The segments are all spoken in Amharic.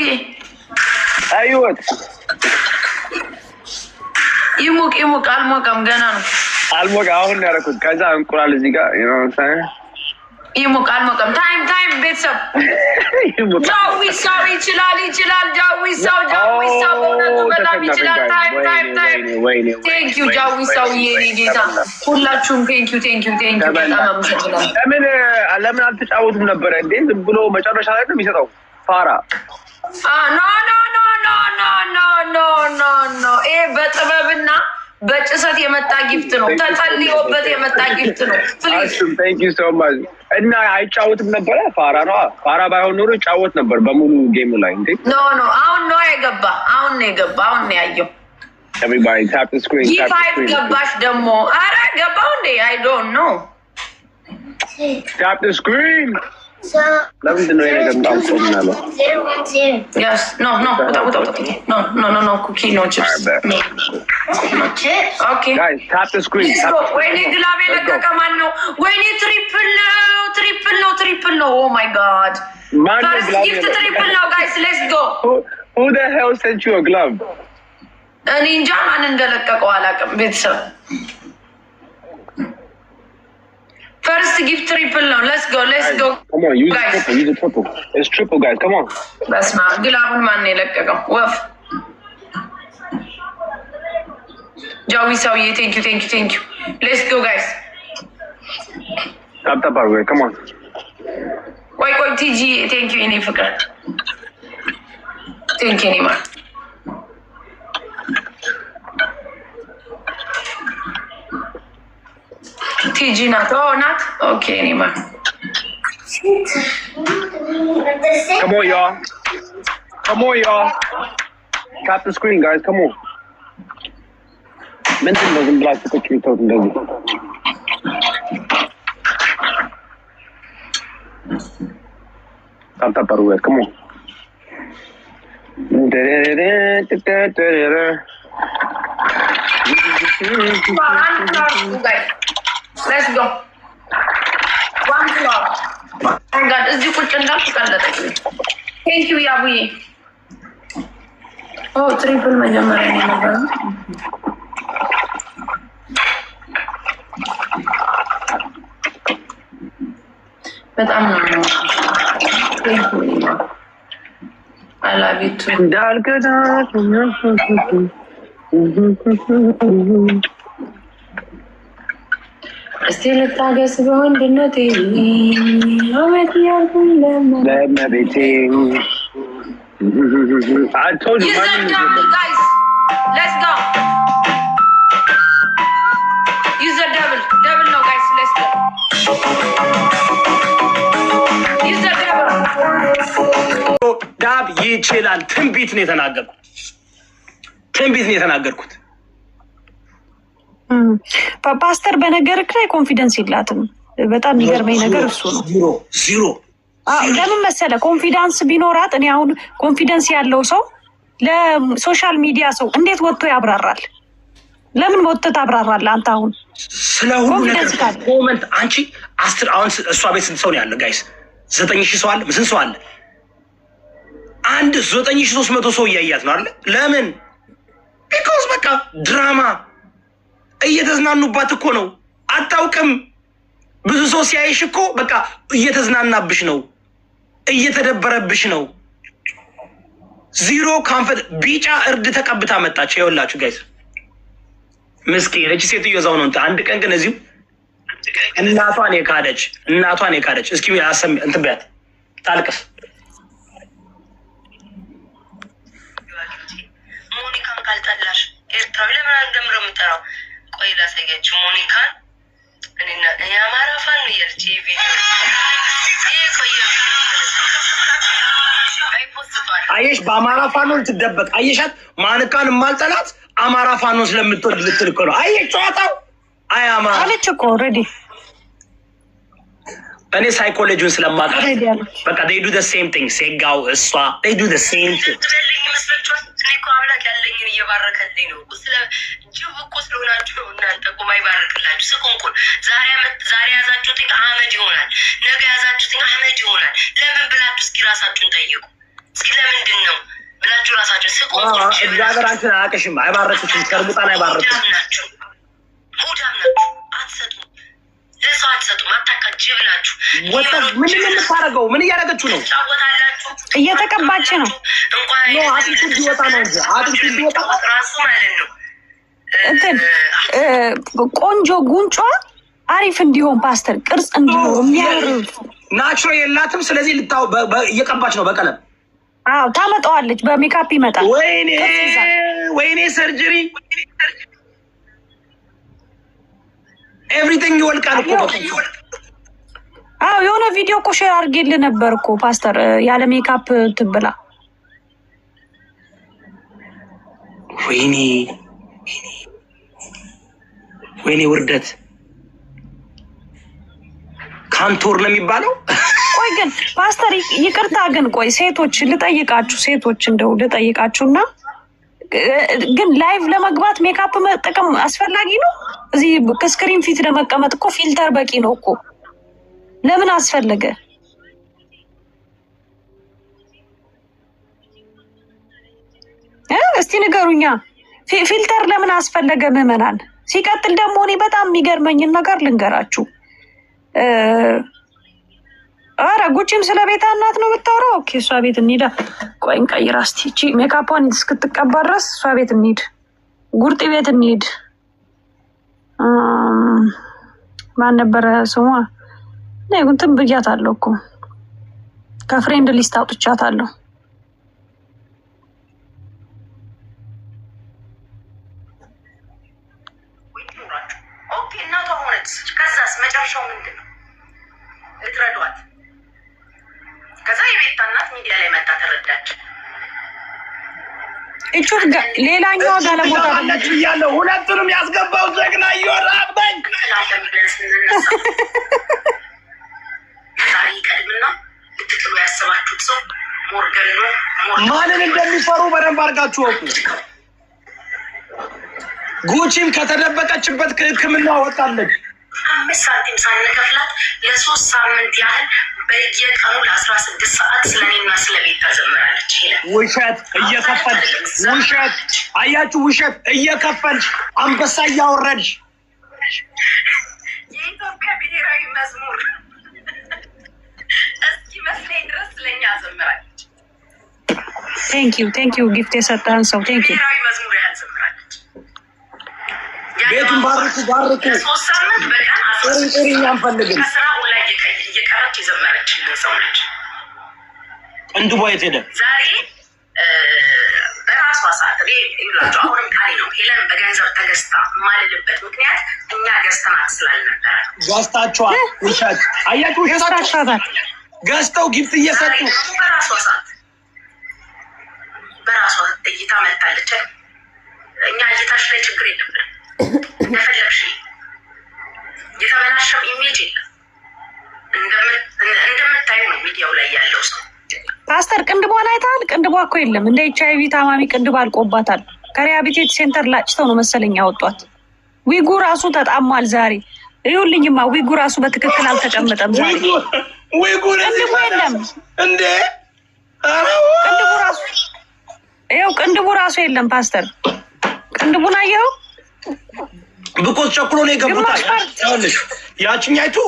ጌ አይወት ይሞቅ ይሞቅ። አልሞቀም፣ ገና ነው። አልሞቀ አሁን ያደረኩት ከዛ እንቁላል እዚህ ጋር ይሞቅ። አልሞቀም። ታይም ታይም። ቤተሰብ ዳዊ ሰው ይችላል ይችላል። ዳዊ ሰው ዳዊ ሰው በእውነቱ በጣም ይችላል። ታይም ታይም ታይም። ቴንኪዩ ዳዊ ሰው የኔ ጌታ፣ ሁላችሁም ቴንኪዩ ቴንኪዩ ቴንኪዩ። በጣም አመሰግናለሁ። ለምን ለምን አልተጫወቱም ነበረ እንዴ? ዝም ብሎ መጨረሻ ላይ ነው የሚሰጠው ፋራ ኖ ይሄ በጥበብና በጭሰት የመጣ ጊፍት ነው። ተጸልዮበት የመጣ ጊፍት ነው። እና አይጫወትም ነበረ ፋራ ነው። ፋራ ባይሆን ኖሮ ይጫወት ነበር በሙሉ ጌሙ ላይ እንዴ። ኖ ኖ አሁን ነው የገባ። አሁን ነው የገባ። አሁን ነው ያየው። ጂፋይቭ ገባሽ ደግሞ። አረ ገባው እንዴ። አይ ዶንት ኖ ታፕ ስክሪን So, ለምንድን Yes, no, no, without, without, without. No, no, no, no, cookie, no chips. No. Chips? Okay. Guys, tap the screen. Let's go. the ወይኔ ግላቤ ለቀቀ ማን ነው? ወይኔ triple ነው፣ triple ነው፣ triple ነው. Oh my god. Man, First gift triple ነው, guys, let's go. Who, who the hell sent you a glove? እኔ እንጃ ማን እንደለቀቀው አላውቅም ቤተሰብ First give triple now. Let's go. Let's go. Come on, use guys. triple. Use a triple. It's triple, guys. Come on. That's not. ግላቡን ማን የለቀቀው? ወፍ ጃዊ ሰውዬ ቴንክ ዩ ቴንክ ዩ ቴንክ ዩ ሌትስ ጎ ጋይስ ጠብጠብ አድርጎ ከማ ቆይ ቆይ ቲጂ ቴንክ ዩ እኔ ፍቅር ቴንክ ዩ እኔ ማለት ቲጂ ናት ናት። ኦኬ ኔማ Come on, y'all. Come on, y'all. Tap the screen, guys. Come on. ምንድን ነው ዝም ብላችሁ ቁጭ ብትወት እንደዚህ አልታጠሩ ወይ ከሞ ደረረ ሌትስ ጎ ዋን ፍላወር ጋድ እዚህ ቁጭ እንዳልኩ ቀለጠኝ። ቴንኪዩ ያቡዬ። ኦ ትሪፕል መጀመሪያ ነው ነበር በጣም ነው እንዳልገዳ እስቲ ልታገስ በወንድነቴ አመት ያልኩኝ ለመቤቴ ዳብ ይችላል። ትንቢት ነው የተናገርኩት። ትንቢት ነው የተናገርኩት። ፓስተር በነገርህ ላይ ኮንፊደንስ የላትም። በጣም የሚገርመኝ ነገር እሱ ነው። ዚሮ ለምን መሰለ ኮንፊደንስ ቢኖራት እኔ አሁን ኮንፊደንስ ያለው ሰው ለሶሻል ሚዲያ ሰው እንዴት ወጥቶ ያብራራል? ለምን ወጥቶ ታብራራለህ? አንተ አሁን ስለሁሉ ነገር ኮመንት አንቺ አስር አሁን እሷ ቤት ስንት ሰው ነው ያለ? ጋይስ ዘጠኝ ሺህ ሰው አለ። ስንት ሰው አለ? አንድ ዘጠኝ ሺህ ሶስት መቶ ሰው እያያት ነው አለ። ለምን ቢኮዝ በቃ ድራማ እየተዝናኑባት እኮ ነው። አታውቅም። ብዙ ሰው ሲያይሽ እኮ በቃ እየተዝናናብሽ ነው፣ እየተደበረብሽ ነው። ዚሮ ካንፈት ቢጫ እርድ ተቀብታ መጣች። ይኸውላችሁ ጋይስ ምስኪን እች ሴትዮ እዛው ነው። አንድ ቀን ግን እዚሁ እናቷን የካደች እናቷን የካደች እስኪ አሰም እንትን በያት ታልቅስ። ሞኒካን ካልጠላሽ ኤርትራዊ ለምን አንደምረው የምጠራው ቆይ ላሳያችሁ ሞኒካን እኔና የአማራ ፋን ነው የልጅ ቪዲዮ አየሽ፣ በአማራ ፋኖ ልትደበቅ አየሻት። ማንካን የማልጠላት አማራ ፋኖ ስለምትወድ ልትልክ ነው። አየሽ ጨዋታው አይ አማራ አለች እኮ ኦልሬዲ እኔ ሳይኮሎጂውን ስለማጣ በቃ they do the same thing ሴጋው እሷ they do the same ነው። ለሰው አትሰጡም። አታካች ብላችሁ ወጣት ምንድን ነው የምታደርገው? ምን እያደረገችው ነው? እየተቀባች ነው። እንኳን አጥንቱ እንዲወጣ ነው አጥንቱ እንዲወጣ ራሱ ማለት ነው። እንትን ቆንጆ ጉንጯ አሪፍ እንዲሆን ፓስተር ቅርጽ እንዲሆን የሚያርፍ ናቹሮ የላትም። ስለዚህ ልታው እየቀባች ነው በቀለም አዎ፣ ታመጣዋለች። በሜካፕ ይመጣል። ወይኔ ወይኔ ሰርጀሪ ኤቭሪቲንግ ይወልቃል እኮ አዎ የሆነ ቪዲዮ እኮ ሼር አድርጌልህ ነበር እኮ ፓስተር፣ ያለ ሜካፕ ትብላ። ወይኔ ወይኔ ውርደት ካንቶር ነው የሚባለው። ቆይ ግን ፓስተር፣ ይቅርታ ግን ቆይ ሴቶች ልጠይቃችሁ፣ ሴቶች እንደው ልጠይቃችሁ ግን ላይቭ ለመግባት ሜካፕ መጠቀም አስፈላጊ ነው? እዚህ ከስክሪን ፊት ለመቀመጥ እኮ ፊልተር በቂ ነው እኮ። ለምን አስፈለገ? እስቲ ንገሩኛ። ፊልተር ለምን አስፈለገ? ምዕመናን ሲቀጥል ደግሞ እኔ በጣም የሚገርመኝን ነገር ልንገራችሁ። አረ ጉቺም ስለ ቤታ እናት ነው የምታወራው። ኦኬ እሷ ቤት እንሂዳ። ቆይ እንቀይር እስቲ ይቺ ሜካፓን እስክትቀባ ድረስ እሷ ቤት እንሂድ፣ ጉርጥ ቤት እንሂድ። ማን ነበረ ስሟ? እንትን አለው እኮ ከፍሬንድ ሊስት አለው። እጩህ ሌላኛዋ ጋለሞታ አለች ብያለሁ። ሁለቱንም ያስገባው ጀግና እየወራ አባኝ ማንን እንደሚፈሩ በደንብ አድርጋችሁ ወቁ። ጉቺም ከተደበቀችበት ሕክምና ወጣለች። አምስት ሳንቲም ሳንከፍላት ለሶስት ሳምንት ያህል በየቀኑ ለአስራ ስድስት ሰዓት ስለኔና ስለ ቤት ታዘምራለች። ውሸት እየከፈልሽ ውሸት፣ አያችሁ፣ ውሸት እየከፈልሽ አንበሳ እያወረድሽ የኢትዮጵያ ብሔራዊ መዝሙር እስኪመስለኝ ድረስ ስለኛ አዘምራለች። ቴንክ ዩ ቴንክ ዩ ጊፍት የሰጠህን ሰው ቴንክ ዩ ብሔራዊ መዝሙር ያዘምራል ቤቱን ባርኩ ባርኩ። ጥሪ ጥሪ፣ አንፈልግም። እንድቧ የት ሄደ? ዛሬ በራሷ ሰዓት ይላቸው። አሁንም ቃሌ ነው። ሄለን በገንዘብ ተገዝታ የማልልበት ምክንያት እኛ ገዝተናት ስላልነበረ ገዝታችኋል። ውሸት አያችሁ፣ ውሸታችኋል። ገዝተው ጊፍት እየሰጡ በራሷ ሰዓት በራሷ እይታ መታለች። እኛ እይታሽ ላይ ችግር የለብንም። እንደፈለግሽ የተበላሸው ኢሜጅ የለም። እንደምታዩ ነው ሚዲያው ላይ ያለው ሰው። ፓስተር ቅንድቧን አይተሃል? ቅንድቧ እኮ የለም። እንደ ኤች አይቪ ታማሚ ቅንድብ አልቆባታል። ከሪሃቢቴት ሴንተር ላጭተው ነው መሰለኝ ያወጧት። ዊጉ ራሱ ተጣሟል ዛሬ ይሁልኝማ ዊጉ ራሱ በትክክል አልተቀመጠም። ዛሬ ዊጉ የለም እንዴ! ቅንድቡ ራሱ ቅንድቡ ራሱ የለም። ፓስተር ቅንድቡን አየኸው? ብቆዝ ቸኩሎ ነው የገቡታል። ያችኛይቱ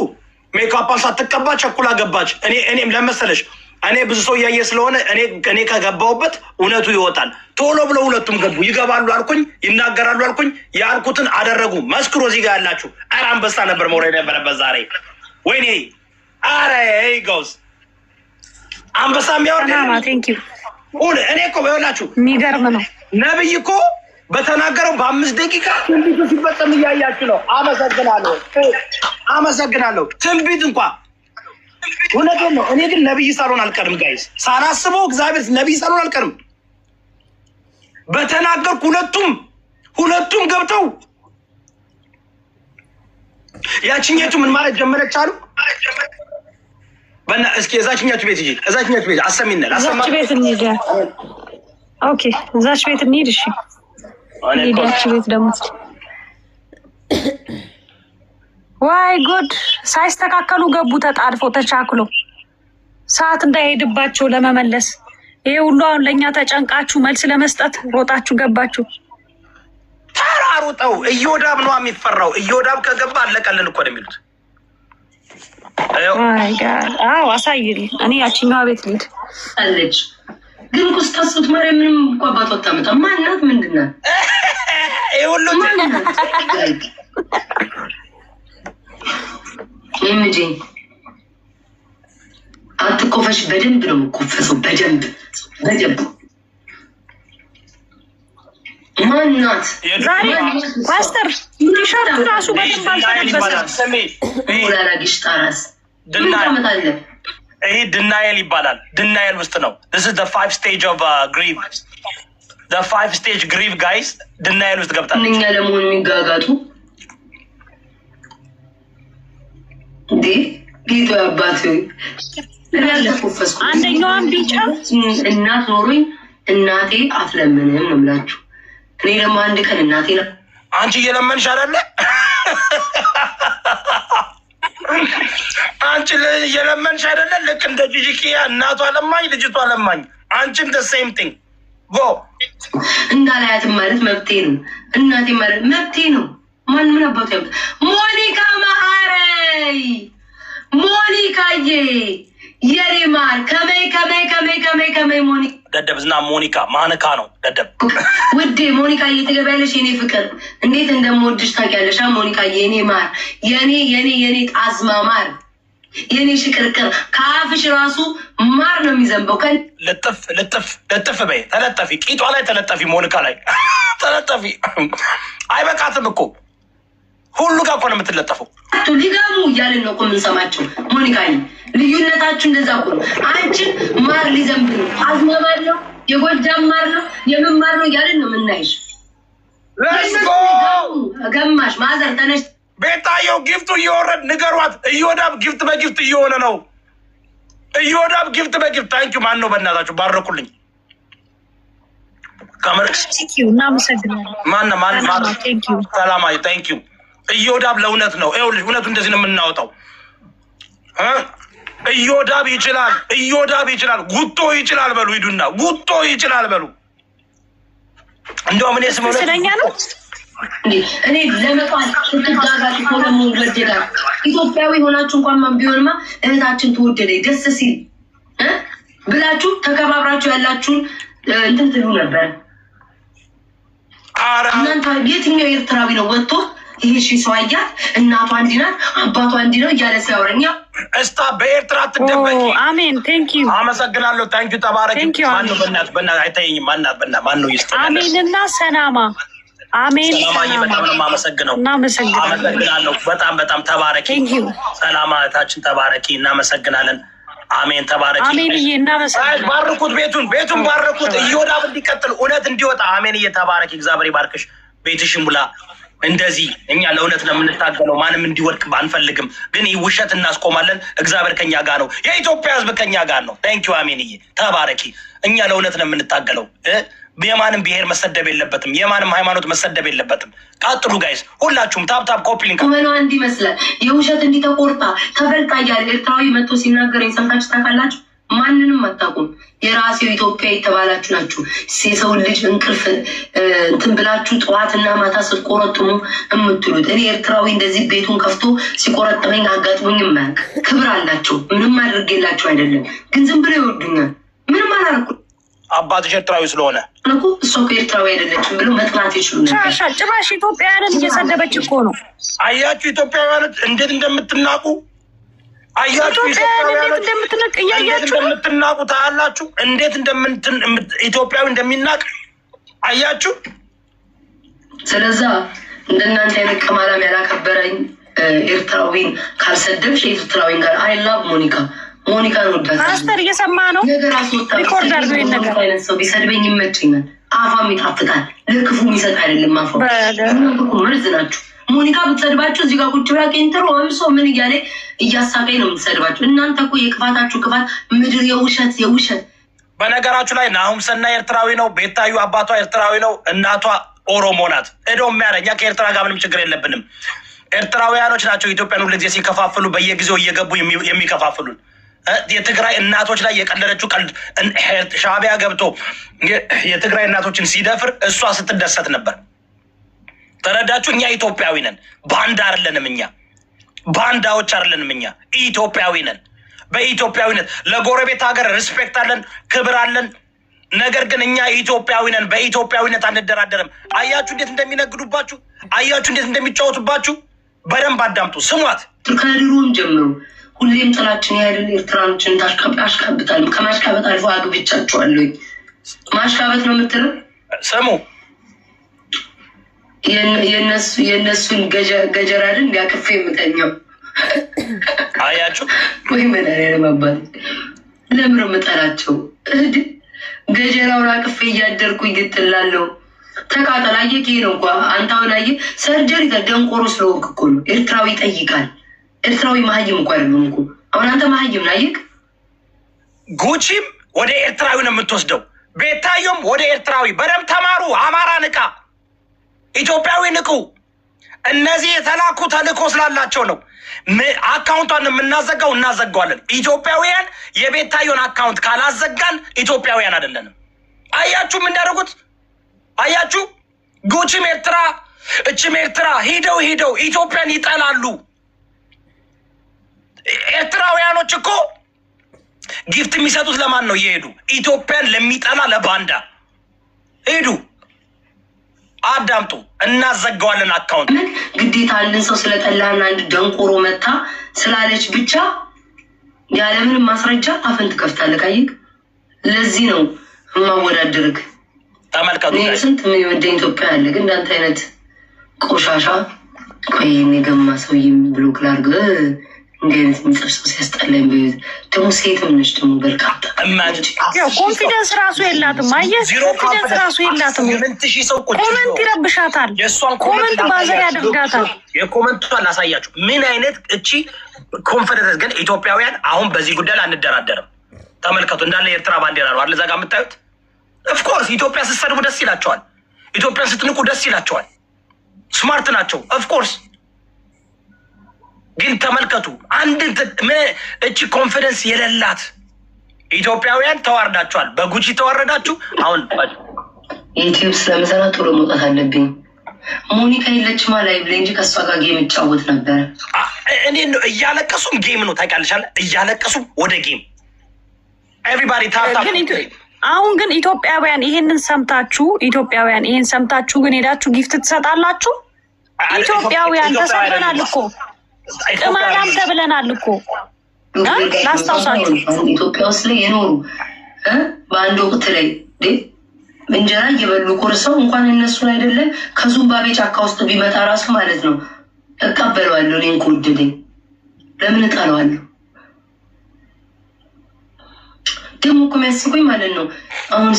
ሜካፓ ሳትቀባ ቸኩላ ገባች። እኔ እኔም ለመሰለሽ እኔ ብዙ ሰው እያየ ስለሆነ እኔ እኔ ከገባሁበት እውነቱ ይወጣል። ቶሎ ብለው ሁለቱም ገቡ። ይገባሉ አልኩኝ፣ ይናገራሉ አልኩኝ፣ ያልኩትን አደረጉ። መስክሮ እዚህ ጋር ያላችሁ ኧረ አንበሳ ነበር መውረድ የነበረበት ዛሬ። ወይኔ አረ ይገውዝ አንበሳ የሚያወርድ እኔ እኮ ላችሁ የሚገርም ነው ነብይ እኮ በተናገረው በአምስት ደቂቃ ትንቢቱ ሲፈጸም እያያችሁ ነው። አመሰግናለሁ፣ አመሰግናለሁ። ትንቢት እንኳ እውነት ነው። እኔ ግን ነቢይ ሳልሆን አልቀርም። ጋይስ ሳላስበው እግዚአብሔር ነቢይ ሳልሆን አልቀርም። በተናገርኩ ሁለቱም ሁለቱም ገብተው ያችኛቱ ምን ማለት ጀመረች አሉ። በና እስኪ እዛችኛቱ ቤት እ እዛችኛቱ ቤት አሰሚነል አሰማ ቤት እንሂድ። ኦኬ፣ እዛች ቤት እንሂድ። እሺ ሄዳችሁ ቤት ደግሞ ዋይ ጉድ ሳይስተካከሉ ገቡ። ተጣድፎ ተቻክሎ ሰዓት እንዳይሄድባቸው ለመመለስ ይሄ ሁሉ አሁን ለእኛ ተጨንቃችሁ መልስ ለመስጠት ሮጣችሁ ገባችሁ። ተራሩጠው እዮዳብ ነው የሚፈራው። እዮዳብ ከገባ አለቀልን እኮ ነው የሚሉት። አዎ እኔ ያችኛዋ ቤት ልሂድ ግን እኮ ስታስቡት ማርያም ምንም እኮ አባት ወጣመጣ ማናት? ምንድን ናት? ሁሉ ኤምጄ አትኮፈሽ። በደንብ ነው የምኮፈሰው። በደንብ በደንብ ማናት ዛሬ ፓስተር ራሱ በደንብ አልተለበሰም። ላላጊሽ ጣራስ ምን ታመጣለህ? ይሄ ድናየል ይባላል። ድናየል ውስጥ ነው። ስ ፋይቭ ስቴጅ ኦፍ ግሪቭ ፋይቭ ስቴጅ ግሪቭ ጋይስ ድናየል ውስጥ ገብታለች። እኛ ለመሆኑ የሚጋጋጡ ጌቶ አባት አንደኛዋን ቢጫ እናት ኖሮኝ እናቴ አትለምንም ነው ብላችሁ እኔ ደግሞ አንድ ቀን እናቴ ነው አንቺ እየለመንሽ አይደለ አንቺ የለመንሽ አይደለ? ልክ እንደ ጂጂኪያ እናቷ ለማኝ፣ ልጅቷ ለማኝ፣ አንቺም ደ ሴም ቲንግ ጎ እንዳላያት ማለት መብቴ ነው። እናቴ ማለት መብቴ ነው። ማን ምን አባቱ ሞኒካ መሀረይ ሞኒካዬ የሪማን ከመይ ከመይ ከመይ ከመይ ከመይ ሞኒ ደደብ ዝና ሞኒካ ማንካ ነው ደደብ ውዴ ሞኒካ እየተገበያለሽ የኔ ፍቅር እንዴት እንደምወድሽ ታውቂያለሽ። ሞኒካ የኔ ማር የኔ የኔ የኔ ጣዝማ ማር የኔ ሽቅርቅር ከአፍሽ ራሱ ማር ነው የሚዘንበው። ከ ልጥፍ ልጥፍ ልጥፍ በይ ተለጠፊ፣ ቂጧ ላይ ተለጠፊ፣ ሞኒካ ላይ ተለጠፊ። አይበቃትም እኮ ሁሉ ጋር እኮ ነው የምትለጠፈው። ሊገሙ እያልን ነው እኮ የምንሰማቸው ሞኒካ ልዩነታችሁ እንደዛ ሁ ነው። አንቺን ማር ሊዘንብ ነው፣ አዝመባ ነው፣ የጎጃም ማር ነው፣ የምን ማር ነው እያለን ነው የምናይሽ። ገማሽ ማዘር ተነሽ። ቤታየው ጊፍቱ እየወረድ ንገሯት። እዮዳብ ጊፍት በጊፍት እየሆነ ነው። እዮዳብ ጊፍት በጊፍት ታንኪ ማን ነው? በእናታችሁ ባረኩልኝ። ሰላማዊ ታንኪ እዮዳብ ለእውነት ነው። ይኸውልሽ እውነቱ እንደዚህ ነው የምናወጣው እዮዳብ ይችላል፣ እዮዳብ ይችላል፣ ጉቶ ይችላል በሉ። ሂዱና ጉቶ ይችላል በሉ። እንደውም እኔ ስመለስ ስለኛ ነው እኔ ለመቷን ትዳጋት ሆነሙ ወደዳል ኢትዮጵያዊ ሆናችሁ እንኳን ቢሆንማ እህታችን ትወደደ ደስ ሲል ብላችሁ ተከባብራችሁ ያላችሁን እንትን ትሉ ነበር። እናንተ የትኛው ኤርትራዊ ነው ወጥቶ ይሄ ሺ ሰው አያት፣ እናቷ እንዲህ ናት፣ አባቷ እንዲህ ነው እያለ ሲያወረኛ እስታ በኤርትራ ትደበቂ። አሜን ቴንክ ዩ አመሰግናለሁ። ታንክ ዩ ማነው አይታየኝም። ማናት ይስጥ። አሜን እና ሰናማ አሜን። ሰላማዬ በጣም ነው የማመሰግነው። አመሰግናለሁ። በጣም በጣም ተባረኪ። ሰላማ እህታችን ተባረኪ። እናመሰግናለን። አሜን ተባረክ። አሜንዬ እናመሰግናለን። ባርኩት፣ ቤቱን ቤቱን ባርኩት፣ እየወዳብ እንዲቀጥል እውነት እንዲወጣ። አሜንዬ ተባረኪ። እግዚአብሔር ይባርክሽ፣ ቤትሽ ሙላ እንደዚህ እኛ ለእውነት ነው የምንታገለው። ማንም እንዲወድቅ አንፈልግም፣ ግን ይህ ውሸት እናስቆማለን። እግዚአብሔር ከኛ ጋር ነው። የኢትዮጵያ ሕዝብ ከኛ ጋር ነው። ታንኪ ታንኪዩ አሜንዬ፣ ተባረኪ። እኛ ለእውነት ነው የምንታገለው። የማንም ብሔር መሰደብ የለበትም። የማንም ሃይማኖት መሰደብ የለበትም። ቀጥሉ ጋይስ፣ ሁላችሁም ታብታብ ኮፕሊንግ መኗ እንዲመስላል የውሸት እንዲተቆርጣ ተበልጣ እያለ ኤርትራዊ መጥቶ ሲናገረኝ ሰምታችሁ ታውቃላችሁ? ማንንም አታውቁም። የራሴው ኢትዮጵያ የተባላችሁ ናችሁ። የሰው ልጅ እንቅልፍ እንትን ብላችሁ ጠዋትና ማታ ስትቆረጥሙ የምትሉት እኔ ኤርትራዊ እንደዚህ ቤቱን ከፍቶ ሲቆረጥመኝ አጋጥሞኝ ማያቅ ክብር አላቸው። ምንም አድርጌላቸው አይደለም፣ ግን ዝም ብለው ይወዱኛል። ምንም አላረኩ። አባትሽ ኤርትራዊ ስለሆነ እኮ እሷ እኮ ኤርትራዊ አይደለችም ብሎ መጥናት ይችሉ ነበር። ጭራሽ ኢትዮጵያውያንን እየሰደበች እኮ ነው። አያችሁ ኢትዮጵያውያንን እንዴት እንደምትናቁ አያችሁ እንደምትናቁ ታያላችሁ፣ እንዴት ኢትዮጵያዊ እንደሚናቅ አያችሁ። ስለዛ እንደናንተ አይነት ቀማላም ያላከበረኝ ኤርትራዊን ካልሰደብሽ ኤርትራዊን ጋር አይ ላቭ ሞኒካ ሞኒካ ፓስተር እየሰማ ነው። ነገር አይነት ሰው ቢሰድበኝ ይመቸኛል። አፋም ይጣፍጣል። ለክፉ የሚሰጥ አይደለም። አፋ ምርዝ ናችሁ። ሞኒካ ብትሰድባቸው እዚጋ ቁጭ ብላ ኬንትሮ ወይም ሰው ምን እያለ እያሳቀኝ ነው የምትሰድባቸው። እናንተ እኮ የክፋታችሁ ክፋት ምድር የውሸት የውሸት። በነገራችሁ ላይ ናሁም ኤርትራዊ ነው። ቤታዩ አባቷ ኤርትራዊ ነው። እናቷ ኦሮሞ ናት። እዶ የሚያረኛ ከኤርትራ ጋር ምንም ችግር የለብንም። ኤርትራውያኖች ናቸው ኢትዮጵያን ሁልጊዜ ሲከፋፍሉ በየጊዜው እየገቡ የሚከፋፍሉን። የትግራይ እናቶች ላይ የቀለደችው ቀልድ ሻቢያ ገብቶ የትግራይ እናቶችን ሲደፍር እሷ ስትደሰት ነበር። ተረዳችሁ? እኛ ኢትዮጵያዊ ነን። ባንዳ አይደለንም። እኛ ባንዳዎች አይደለንም። እኛ ኢትዮጵያዊ ነን። በኢትዮጵያዊነት ለጎረቤት ሀገር ሪስፔክት አለን፣ ክብር አለን። ነገር ግን እኛ ኢትዮጵያዊ ነን። በኢትዮጵያዊነት አንደራደርም። አያችሁ እንዴት እንደሚነግዱባችሁ፣ አያችሁ እንዴት እንደሚጫወቱባችሁ። በደንብ አዳምጡ፣ ስሟት። ከድሮም ጀምሮ ሁሌም ጥላችን ያህልን ኤርትራኖችን ታሽካብታል። ከማሽካበት አልፎ አግብቻችኋለሁ። ማሽካበት ነው የምትለው። ስሙ የእነሱን ገጀራድን እንዲያቅፍ የምተኛው አያችሁ ወይ? መድኃኒዓለም አባት ለምር ምጠላቸው ገጀራውን አቅፌ እያደርኩኝ ግጥላለሁ። ተቃጠል አየህ ነው እኳ አንተ አሁን አየህ ሰርጀሪ ደንቆሮ ስለሆንክ እኮ ነው። ኤርትራዊ ይጠይቃል። ኤርትራዊ መሀይም እኳ አይደለም እኮ አሁን አንተ መሀይም ነህ። ጉቺም ወደ ኤርትራዊ ነው የምትወስደው። ቤታዮም ወደ ኤርትራዊ በደምብ ተማሩ። አማራ ንቃ ኢትዮጵያዊ ንቁ። እነዚህ የተላኩ ተልእኮ ስላላቸው ነው። አካውንቷን የምናዘጋው እናዘጋዋለን። ኢትዮጵያውያን የቤታዮን አካውንት ካላዘጋን ኢትዮጵያውያን አይደለንም። አያችሁ እንዳደረጉት አያችሁ። ጉቺም ኤርትራ፣ እችም ኤርትራ ሂደው ሂደው ኢትዮጵያን ይጠላሉ። ኤርትራውያኖች እኮ ጊፍት የሚሰጡት ለማን ነው? እየሄዱ ኢትዮጵያን ለሚጠላ ለባንዳ አዳምጡ፣ እናዘጋዋለን አካውንት ግዴታ አንድን ሰው ስለጠላና አንድ ደንቆሮ መታ ስላለች ብቻ ያለምንም ማስረጃ አፈን ትከፍታለህ። አየህ፣ ለዚህ ነው የማወዳደርግ። ተመልከቱ፣ ስንት ወደ ኢትዮጵያ ያለ ግን እንዳንተ አይነት ቆሻሻ ቆይ የሚገማ ሰው ብሎክ ላድርግ ኮንፊደንስ ራሱ የላትም። አየህ ኮንፊደንስ ራሱ የላትም። ኮመንት ይረብሻታል። ኮመንት ባዘር ያደርጋታል። የኮመንቷን ላሳያችሁ ምን አይነት እቺ ግን ኢትዮጵያውያን አሁን በዚህ ጉዳይ ላይ አንደራደርም። ተመልከቱ እንዳለ የኤርትራ ባንዲራ ነው አለ እዛ ጋ የምታዩት። ኦፍኮርስ ኢትዮጵያ ስትሰድቡ ደስ ይላቸዋል። ኢትዮጵያን ስትንቁ ደስ ይላቸዋል። ስማርት ናቸው ኦፍኮርስ ግን ተመልከቱ፣ አንድ እቺ ኮንፊደንስ የሌላት ኢትዮጵያውያን ተዋርዳችኋል። በጉቺ ተዋረዳችሁ። አሁን ዩቲዩብ ስለምሰራ ቶሎ መውጣት አለብኝ። ሞኒካ የለችማ ላይቭ ላይ እንጂ ከእሷ ጋር ጌም እጫወት ነበረ። እኔ እያለቀሱም ጌም ነው ታውቂያለሽ፣ እያለቀሱም ወደ ጌም ኤቭሪባዲ ታታ አሁን ግን ኢትዮጵያውያን ይሄንን ሰምታችሁ ኢትዮጵያውያን ይሄን ሰምታችሁ ግን ሄዳችሁ ጊፍት ትሰጣላችሁ። ኢትዮጵያውያን ተሰምተናል እኮ ቅማላም ተብለናል እኮ ላስታውሳችሁ። ኢትዮጵያ ውስጥ ላይ የኖሩ በአንድ ወቅት ላይ እንጀራ እየበሉ ቁርሰው እንኳን እነሱን አይደለም ከዙምባቤ ጫካ ውስጥ ቢመጣ ራሱ ማለት ነው እቀበለዋለሁ። እኔን ከወደደኝ ለምን እጠለዋለሁ? ደግሞ እኮ የሚያስቆኝ ማለት ነው አሁን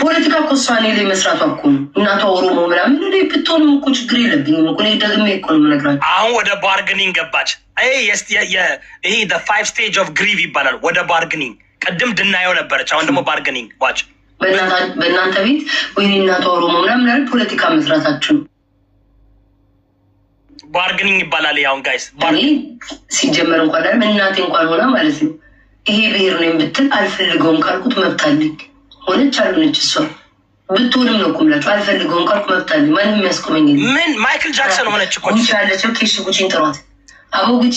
ፖለቲካ እኮ እሷ እኔ ላይ መስራቷ እኮ ነው። እናቷ ኦሮሞ ምናምን እንደ ብትሆንም እኮ ችግር የለብኝም እኮ እኔ ደግሜ እኮ ነው የምነግራቸው። አሁን ወደ ባርግኒንግ ገባች። ይሄ ፋይቭ ስቴጅ ኦፍ ግሪቭ ይባላል። ወደ ባርግኒንግ ቅድም ድናየው ነበረች። አሁን ደግሞ ባርግኒንግ ባች። በእናንተ ቤት ወይኔ እናቷ ኦሮሞ ምናምን ያለ ፖለቲካ መስራታችን ባርግኒንግ ይባላል። ያሁን ጋይስ ሲጀመር እንኳን እናቴ እንኳን ሆና ማለት ነው ይሄ ብሄር ነው ብትል አልፈልገውም ካልኩት መብታለኝ ሆነች አልሆነች እሷ ብትሆንም ነው ቁምላቸው አልፈልገውም ካልኩ መብታለ ማንም የሚያስቆመኝ ምን ማይክል ጃክሰን ሆነች እኮ ያለች ኬሽ ጉቺን ጥሯት አቦ ጉቺ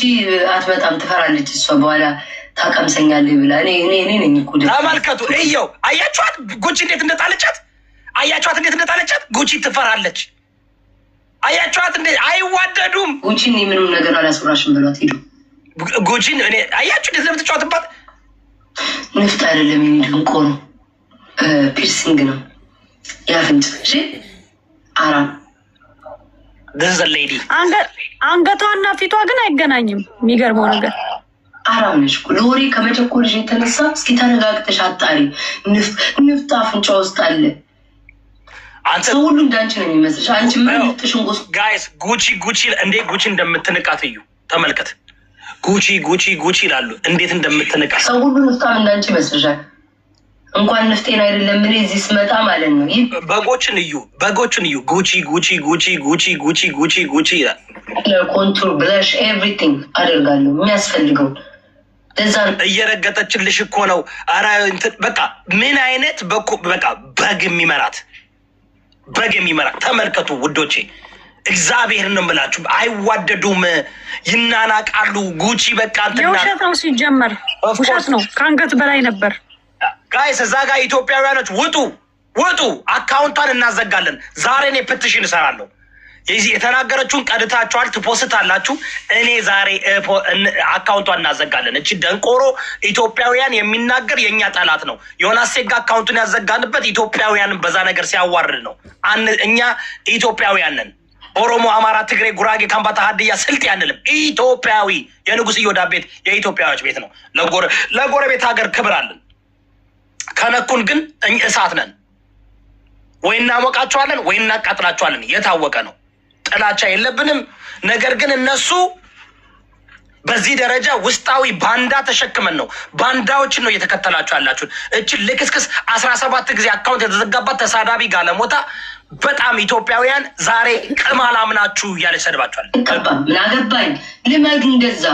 አትመጣም ትፈራለች እሷ በኋላ ታቀምሰኛለ ብላ እኔ እኔ እኔ ነኝ እኮ ተመልከቱ እየው አያችኋት ጉቺ እንዴት እንደጣለቻት አያችኋት እንዴት እንደጣለቻት ጉቺ ትፈራለች አያችኋት እንዴ አይዋደዱም ጉቺን ምንም ነገር አላስራሽም ብሏት ሄዱ ጉቺን እኔ አያችሁ እንዴት ለምትጫወትባት ንፍጥ አይደለም የሚድንቆ ነው ፒርሲንግ ነው የአፍንጫ እሺ። አራት አንገቷና ፊቷ ግን አይገናኝም። የሚገርመው ነገር አራም ነች። ሎሪ ከመቸኮልሽ የተነሳ እስኪ ተረጋግተሽ አጣሪ። ንፍጥ አፍንጫ ውስጥ አለ። ሰው ሁሉ እንዳንቺ ነው የሚመስልሽ። አንቺ ምን ንፍጥሽን ጎስ ጋይስ፣ ጉቺ ጉቺ እንዴ ጉቺ እንደምትንቃት እዩ፣ ተመልከት። ጉቺ ጉቺ ጉቺ ይላሉ እንዴት እንደምትንቃት። ሰው ሁሉ ንፍጣም እንዳንቺ ይመስልሻል። እንኳን ንፍቴን አይደለም እኔ እዚህ ስመጣ ማለት ነው። ይህ በጎችን እዩ፣ በጎችን እዩ። ጉቺ ጉቺ ጉቺ ጉቺ ጉቺ ጉቺ ጉቺ ይላል። ኮንቱር ብለሽ ኤቭሪቲንግ አደርጋለሁ የሚያስፈልገው እየረገጠችልሽ እኮ ነው። ኧረ እንትን በቃ ምን አይነት በኮ በቃ በግ የሚመራት በግ የሚመራት ተመልከቱ ውዶቼ፣ እግዚአብሔር ነው የምላችሁ። አይዋደዱም፣ ይናናቃሉ። ጉቺ በቃ የውሸት ነው ሲጀመር ውሸት ነው። ከአንገት በላይ ነበር ጋይስ እዛ ጋር ኢትዮጵያውያኖች ውጡ ውጡ፣ አካውንቷን እናዘጋለን። ዛሬ እኔ ፕትሽን እሰራለሁ። የተናገረችውን ቀድታችኋል፣ ትፖስት አላችሁ። እኔ ዛሬ አካውንቷን እናዘጋለን። እቺ ደንቆሮ ኢትዮጵያውያን የሚናገር የእኛ ጠላት ነው። ዮናስ ሴጋ አካውንቱን ያዘጋንበት ኢትዮጵያውያንን በዛ ነገር ሲያዋርድ ነው። እኛ ኢትዮጵያውያን ነን። ኦሮሞ፣ አማራ፣ ትግሬ፣ ጉራጌ፣ ካምባታ፣ ሀድያ፣ ስልጤ አንልም። ኢትዮጵያዊ የንጉሥ እዮዳ ቤት የኢትዮጵያዎች ቤት ነው። ለጎረቤት ሀገር ክብር አለን። ከነኩን ግን እሳት ነን ወይ እናሞቃቸዋለን ወይ እናቃጥላቸዋለን። የታወቀ ነው። ጥላቻ የለብንም። ነገር ግን እነሱ በዚህ ደረጃ ውስጣዊ ባንዳ ተሸክመን ነው ባንዳዎችን ነው እየተከተላችሁ ያላችሁን። እችን ልክስክስ አስራ ሰባት ጊዜ አካውንት የተዘጋባት ተሳዳቢ ጋለሞታ በጣም ኢትዮጵያውያን ዛሬ ቅም አላምናችሁ እያለች ምን አገባኝ ልመዱ እንደዛ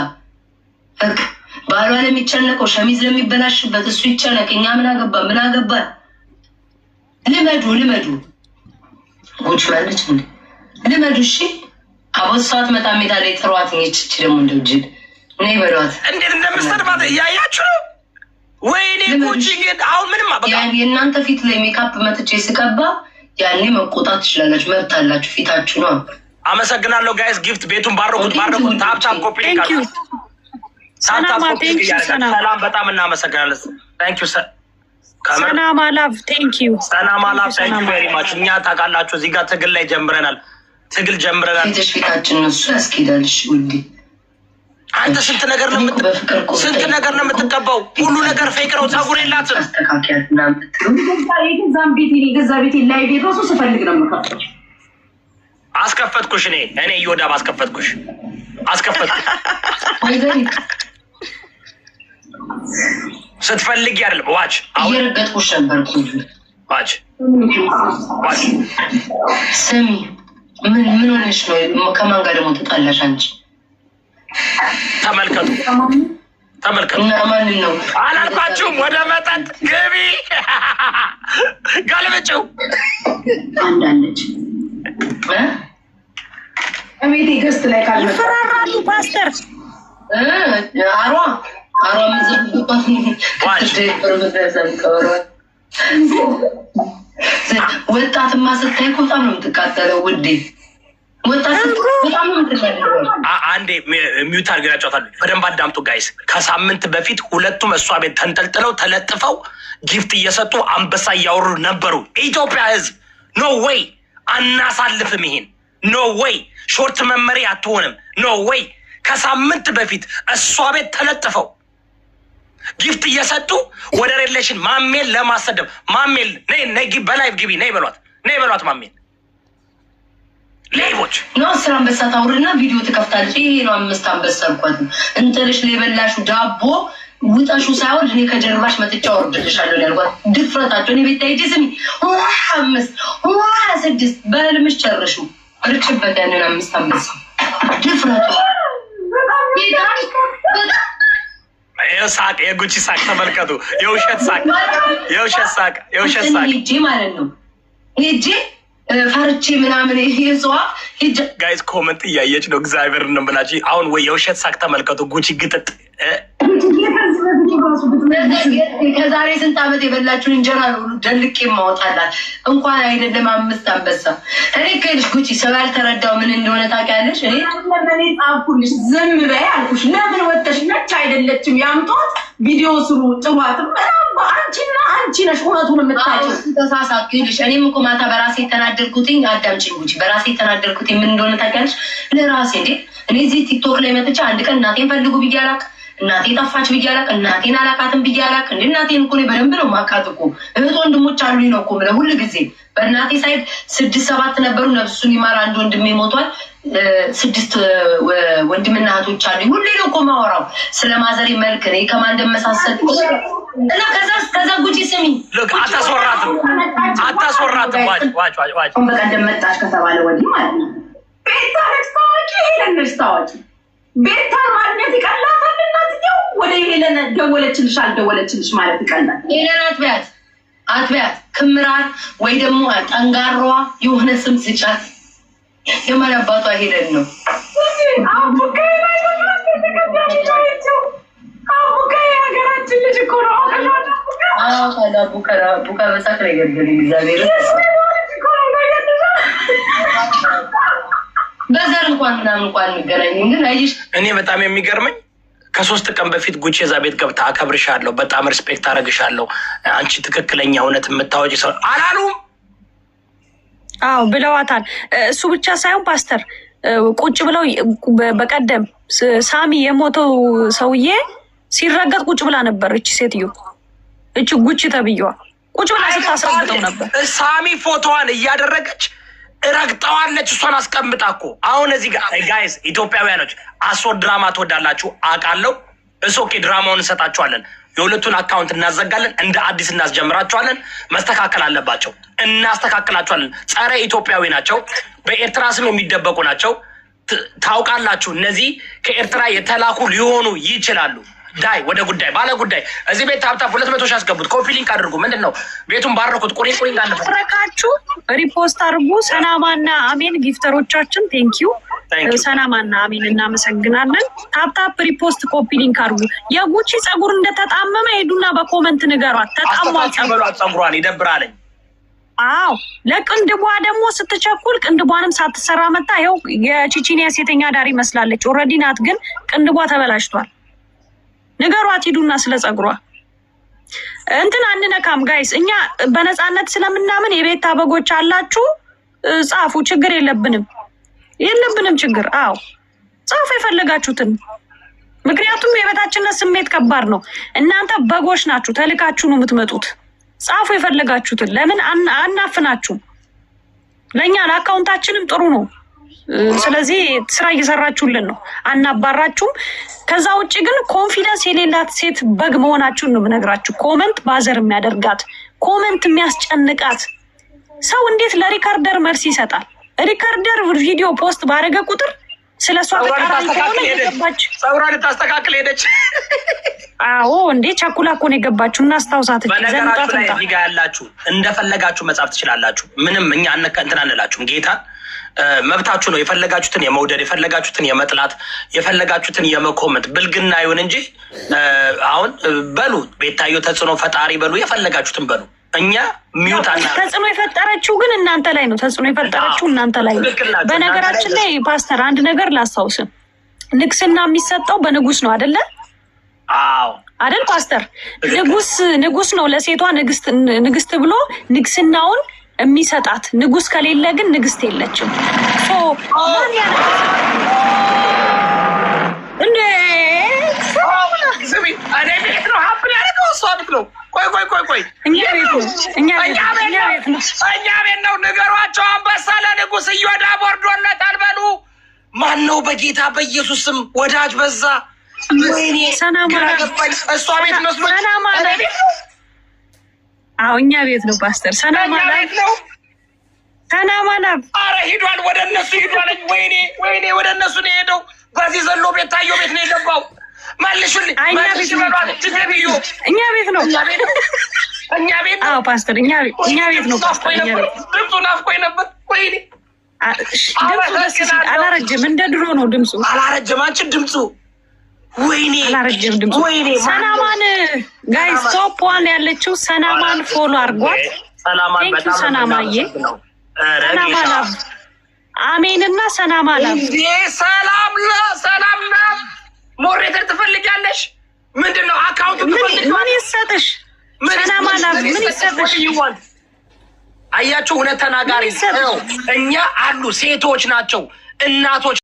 ባሏ ለሚጨነቀው ሸሚዝ ለሚበላሽበት እሱ ይጨነቅ፣ እኛ ምን አገባ ምን አገባ። ልመዱ ልመዱ ቁጭ ብላለች እንዴ ልመዱ። እሺ አቦት ሰዋት መጣ ሜዳ ላይ ጥሯት። ይችች ደግሞ እንደው ጅል እኔ በሏት እንዴት እንደምሰድባት እያያችሁ ነው። ወይኔ ጉቺ ግን አሁን ምንም አበቃ። የእናንተ ፊት ላይ ሜካፕ መትቼ ስቀባ ያኔ መቆጣት ትችላላችሁ፣ መብት አላችሁ፣ ፊታችሁ ነው። አመሰግናለሁ ጋይስ። ጊፍት ቤቱን ባረኩት ባረኩት። ታፕ ታፕ ኮፒ ሰላም በጣም እናመሰግናለን። ሰላም አላፍ ቴንኪዩ። ሰላም አላፍ ቴንኪዩ ቬሪ ማች። እኛ ታውቃላችሁ እዚህ ጋር ትግል ላይ ጀምረናል፣ ትግል ጀምረናል። ፊታችን እሱ ያስኬዳልሽ ውዴ። አንተ ስንት ነገር ነው ስንት ነገር ነው የምትቀባው? ሁሉ ነገር ፌክ ነው። ጸጉር የላትም። የገዛን ቤት የገዛ ቤት ላይ ቤት ራሱ ስፈልግ ነው የምከፍተው። አስከፈትኩሽ እኔ እኔ እዮዳብ አስከፈትኩሽ፣ አስከፈትኩሽ ስትፈልጊ አይደለም። ዋች እየረገጥኩሽ ነበር። ዋች ዋች። ስሚ ምን ምን ሆነሽ ነው? ከማን ጋር ደግሞ ተጣላሽ አንቺ? ተመልከቱ ተመልከቱ። ማንን ነው አላልኳችሁም? ወደ መጠጥ ግቢ ገልብጭው። አንዳለች ቤቴ ገስት ላይ ካለ ይፈራራሉ ፓስተር አሯ ወጣትማ ስታይ በጣም ነው የምትቃጠለው ውዴ። አንዴ ሚዩት ያጫውታሉ። በደንብ አዳምጡ ጋይስ። ከሳምንት በፊት ሁለቱም እሷ ቤት ተንጠልጥለው ተለጥፈው ጊፍት እየሰጡ አንበሳ እያወሩ ነበሩ። ኢትዮጵያ ሕዝብ ኖ ወይ አናሳልፍም። ይሄን ኖ ወይ ሾርት መመሪያ አትሆንም። ኖ ወይ ከሳምንት በፊት እሷ ቤት ተለጥፈው ጊፍት እየሰጡ ወደ ሬሌሽን ማሜል ለማሰደብ ማሜል ነይ በላይቭ ግቢ ነይ በሏት ነይ በሏት ማሜል ሌቦች ነው። አስር አንበሳ ታውርና ቪዲዮ ትከፍታለች። ይሄ ነው አምስት አንበሳ አልኳት። እንትንሽ የበላሹ ዳቦ ውጠሹ ሳይሆን እኔ ከጀርባሽ መጥቻ ወርድልሻለሁ ያልኳት ድፍረታቸው። እኔ ቤት ታይቼ ስሚ ውሃ አምስት ዋ ስድስት በህልምሽ ጨርሹ ርችበት ያንን አምስት አንበሳ ድፍረቱ ሳቅ የጉቺ ሳቅ ተመልከቱ። የውሸት ሳቅ የውሸት ሳቅ የውሸት ሳቅ ሄጄ ማለት ነው ሄጄ ፈርቼ ምናምን ይዘዋ ጋይዝ ኮመንት እያየች ነው። እግዚአብሔር ነው ብላችሁ አሁን ወይ የውሸት ሳቅ ተመልከቱ። ጉቺ ግጥጥ ከዛሬ ስንት ዓመት የበላችሁን እንጀራ ደልቄ ማወጣላት እንኳን አይደለም አምስት አንበሳ። እኔ ከልሽ ጉቺ ሰው ያልተረዳው ምን እንደሆነ ታውቂያለሽ? እኔ ጻፍኩልሽ ዝም በይ አልኩሽ። ለምን ወጥተሽ ነች አይደለችም ያምጧት ቪዲዮ ስሩ ጥሯትም አንቺና አንቺ ነሽ እውነቱን የምታውቂው። ተሳሳትኩልሽ። እኔም እኮ ማታ በራሴ የተናደርኩትኝ አዳምጪኝ ጉቺ፣ በራሴ የተናደርኩትኝ ምን እንደሆነ ታውቂያለሽ? ለራሴ እንዴ እኔ እዚህ ቲክቶክ ላይ መጥቼ አንድ ቀን እናቴን ፈልጉ ብዬ አላውቅም እናቴ ጠፋች ብዬ እናቴን አላቃትም ብዬ አላቅ እንደ እናቴን እኮ በደንብ ነው ማካት እኮ እህት ወንድሞች አሉኝ ነው እኮ የምለው ሁል ጊዜ በእናቴ ሳይድ ስድስት ሰባት ነበሩ ነፍሱን ይማር አንድ ወንድሜ ሞቷል ስድስት ወንድምና እህቶች አሉኝ ሁሌ ነው እኮ ማወራው ስለ ማዘሬ መልክ እኔ ከማን እንደመሳሰል እና ከዛ ከዛ ጉጂ ስሚ አታስወራትም አታስወራትም በቀደም መጣች ከተባለ ወዲህ ማለት ነው ቤታ ታዋቂ ሄደነች ታዋቂ ቤታ ማግኘት ይቀላታል። ወዲያው ወደ ሄለን ደወለችልሽ አልደወለችልሽ ማለት ይቀላል። ሄለን አትበያት አትቢያት ክምራት ወይ ደግሞ ጠንጋሯ የሆነ ስም ስጫት። የማን አባቷ ሄለን ነው? በዘር እንኳን ምናምን እንኳን እንገናኝ ግን እኔ በጣም የሚገርመኝ ከሶስት ቀን በፊት ጉቺ እዛ ቤት ገብታ አከብርሻለሁ፣ በጣም ሪስፔክት አረግሻለሁ፣ አንቺ ትክክለኛ እውነት የምታወጪ ሰው አላሉም? አዎ ብለዋታል። እሱ ብቻ ሳይሆን ፓስተር ቁጭ ብለው በቀደም ሳሚ የሞተው ሰውዬ ሲረገጥ ቁጭ ብላ ነበር እቺ ሴትዮ እቺ ጉቺ ተብዬዋ ቁጭ ብላ ስታስረግጠው ነበር። ሳሚ ፎቶዋን እያደረገች ረግጠዋለች። እሷን አስቀምጣ እኮ አሁን እዚህ ጋይዝ ኢትዮጵያውያኖች አስወር ድራማ ትወዳላችሁ አውቃለሁ። እስ ኦኬ ድራማውን እንሰጣችኋለን። የሁለቱን አካውንት እናዘጋለን፣ እንደ አዲስ እናስጀምራችኋለን። መስተካከል አለባቸው፣ እናስተካከላችኋለን። ጸረ ኢትዮጵያዊ ናቸው፣ በኤርትራ ስም የሚደበቁ ናቸው። ታውቃላችሁ፣ እነዚህ ከኤርትራ የተላኩ ሊሆኑ ይችላሉ። ጉዳይ ወደ ጉዳይ ባለ ጉዳይ እዚህ ቤት ታፕታፕ ሁለት መቶ ሺህ አስገቡት። ኮፒ ሊንክ አድርጉ። ምንድን ነው ቤቱን ባረኩት። ቁሪ ቁሪ አረካችሁ ሪፖስት አድርጉ። ሰናማና አሜን ጊፍተሮቻችን ቴንኪዩ። ሰናማና አሜን እናመሰግናለን። ታፕታፕ ሪፖስት ኮፒ ሊንክ አድርጉ። የጉቺ ጸጉር እንደተጣመመ ሄዱና በኮመንት ንገሯት። ተጣሟል ጸጉሯን ይደብራለኝ። አዎ ለቅንድቧ ደግሞ ስትቸኩል ቅንድቧንም ሳትሰራ መጣ። ይኸው የቺቺኒያ ሴተኛ ዳሪ መስላለች። ኦልሬዲ ናት፣ ግን ቅንድቧ ተበላሽቷል። ንገሯት ሂዱና ስለ ጸጉሯ እንትን አንነካም። ጋይስ እኛ በነፃነት ስለምናምን የቤታ በጎች አላችሁ ጻፉ፣ ችግር የለብንም የለብንም ችግር። አዎ ጻፉ የፈለጋችሁትን። ምክንያቱም የበታችነት ስሜት ከባድ ነው። እናንተ በጎች ናችሁ፣ ተልካችሁ ነው የምትመጡት። ጻፉ የፈለጋችሁትን። ለምን አናፍናችሁ? ለእኛ ለአካውንታችንም ጥሩ ነው። ስለዚህ ስራ እየሰራችሁልን ነው፣ አናባራችሁም። ከዛ ውጭ ግን ኮንፊደንስ የሌላት ሴት በግ መሆናችሁን ነው የምነግራችሁ። ኮመንት ባዘር የሚያደርጋት ኮመንት የሚያስጨንቃት ሰው እንዴት ለሪካርደር መልስ ይሰጣል? ሪካርደር ቪዲዮ ፖስት ባደረገ ቁጥር ስለ እሷ ፀጉሯ ልታስተካክል ሄደች። አዎ እንዴ ቸኩላ እኮ ነው የገባችሁ። እናስታውሳት። በነገራችሁ ላይ እዚህ ጋ ያላችሁ እንደፈለጋችሁ መጻፍ ትችላላችሁ። ምንም እኛ እንትን አንላችሁም። ጌታ መብታችሁ ነው። የፈለጋችሁትን የመውደድ፣ የፈለጋችሁትን የመጥላት፣ የፈለጋችሁትን የመኮመት ብልግና ይሁን እንጂ አሁን በሉ ቤታዮ ተጽዕኖ ፈጣሪ በሉ የፈለጋችሁትን በሉ። እኛ ተጽዕኖ የፈጠረችው ግን እናንተ ላይ ነው። ተጽዕኖ የፈጠረችው እናንተ ላይ ነው። በነገራችን ላይ ፓስተር፣ አንድ ነገር ላስታውስ፣ ንግስና የሚሰጠው በንጉስ ነው አደለ? አደል ፓስተር? ንጉስ ንጉስ ነው ለሴቷ ንግስት ብሎ ንግስናውን የሚሰጣት ንጉስ ከሌለ ግን ንግስት የለችም። እንዴ እሱ አሪፍ ነው። ቆይ ቆይ ቆይ ቆይ እኛ ቤት ነው፣ እኛ ቤት ነው። ንገሯቸው፣ አንበሳ ለንጉሥ እዮዳብ ወርዶለታል። በሉ ማን ነው? በጌታ በኢየሱስም ወዳጅ በዛ። ወይኔ እሷ ቤት መስሎኝ አዎ እኛ ቤት ነው ፓስተር ሰናማላብ አረ ሂዷል፣ ወደ እነሱ ሂዷል። ወይኔ ወይኔ፣ ወደ እነሱ ነው የሄደው። በዚህ ዘሎ ቤት ታየው ቤት ነው የገባው። መልሱልኝ። እኛ ቤት ነው እኛ ቤት ነው ፓስተር፣ እኛ ቤት እኛ ቤት ነው ፓስተር። ድምፁ ናፍቆኝ ነበር። ወይኔ አላረጀም፣ እንደ ድሮ ነው ድምፁ አላረጀም። አንቺ ድምፁ ወይኔ አላረጀም ድምፁ። ወይኔ ሰናማን ጋይስ ቶፕ ዋን ያለችው ሰናማን ፎሎ አርጓት። ሰናማን ሰናማዬ ሰናማላ አሜንና ሰናማላ ሰላም ሰላም ሞሬተር ትፈልጊያለሽ? ምንድን ነው አካውንቱ? ምን ይሰጥሽ? ምን ይሰጥሽ? አያችሁ፣ እውነት ተናጋሪ እኛ አሉ ሴቶች ናቸው እናቶች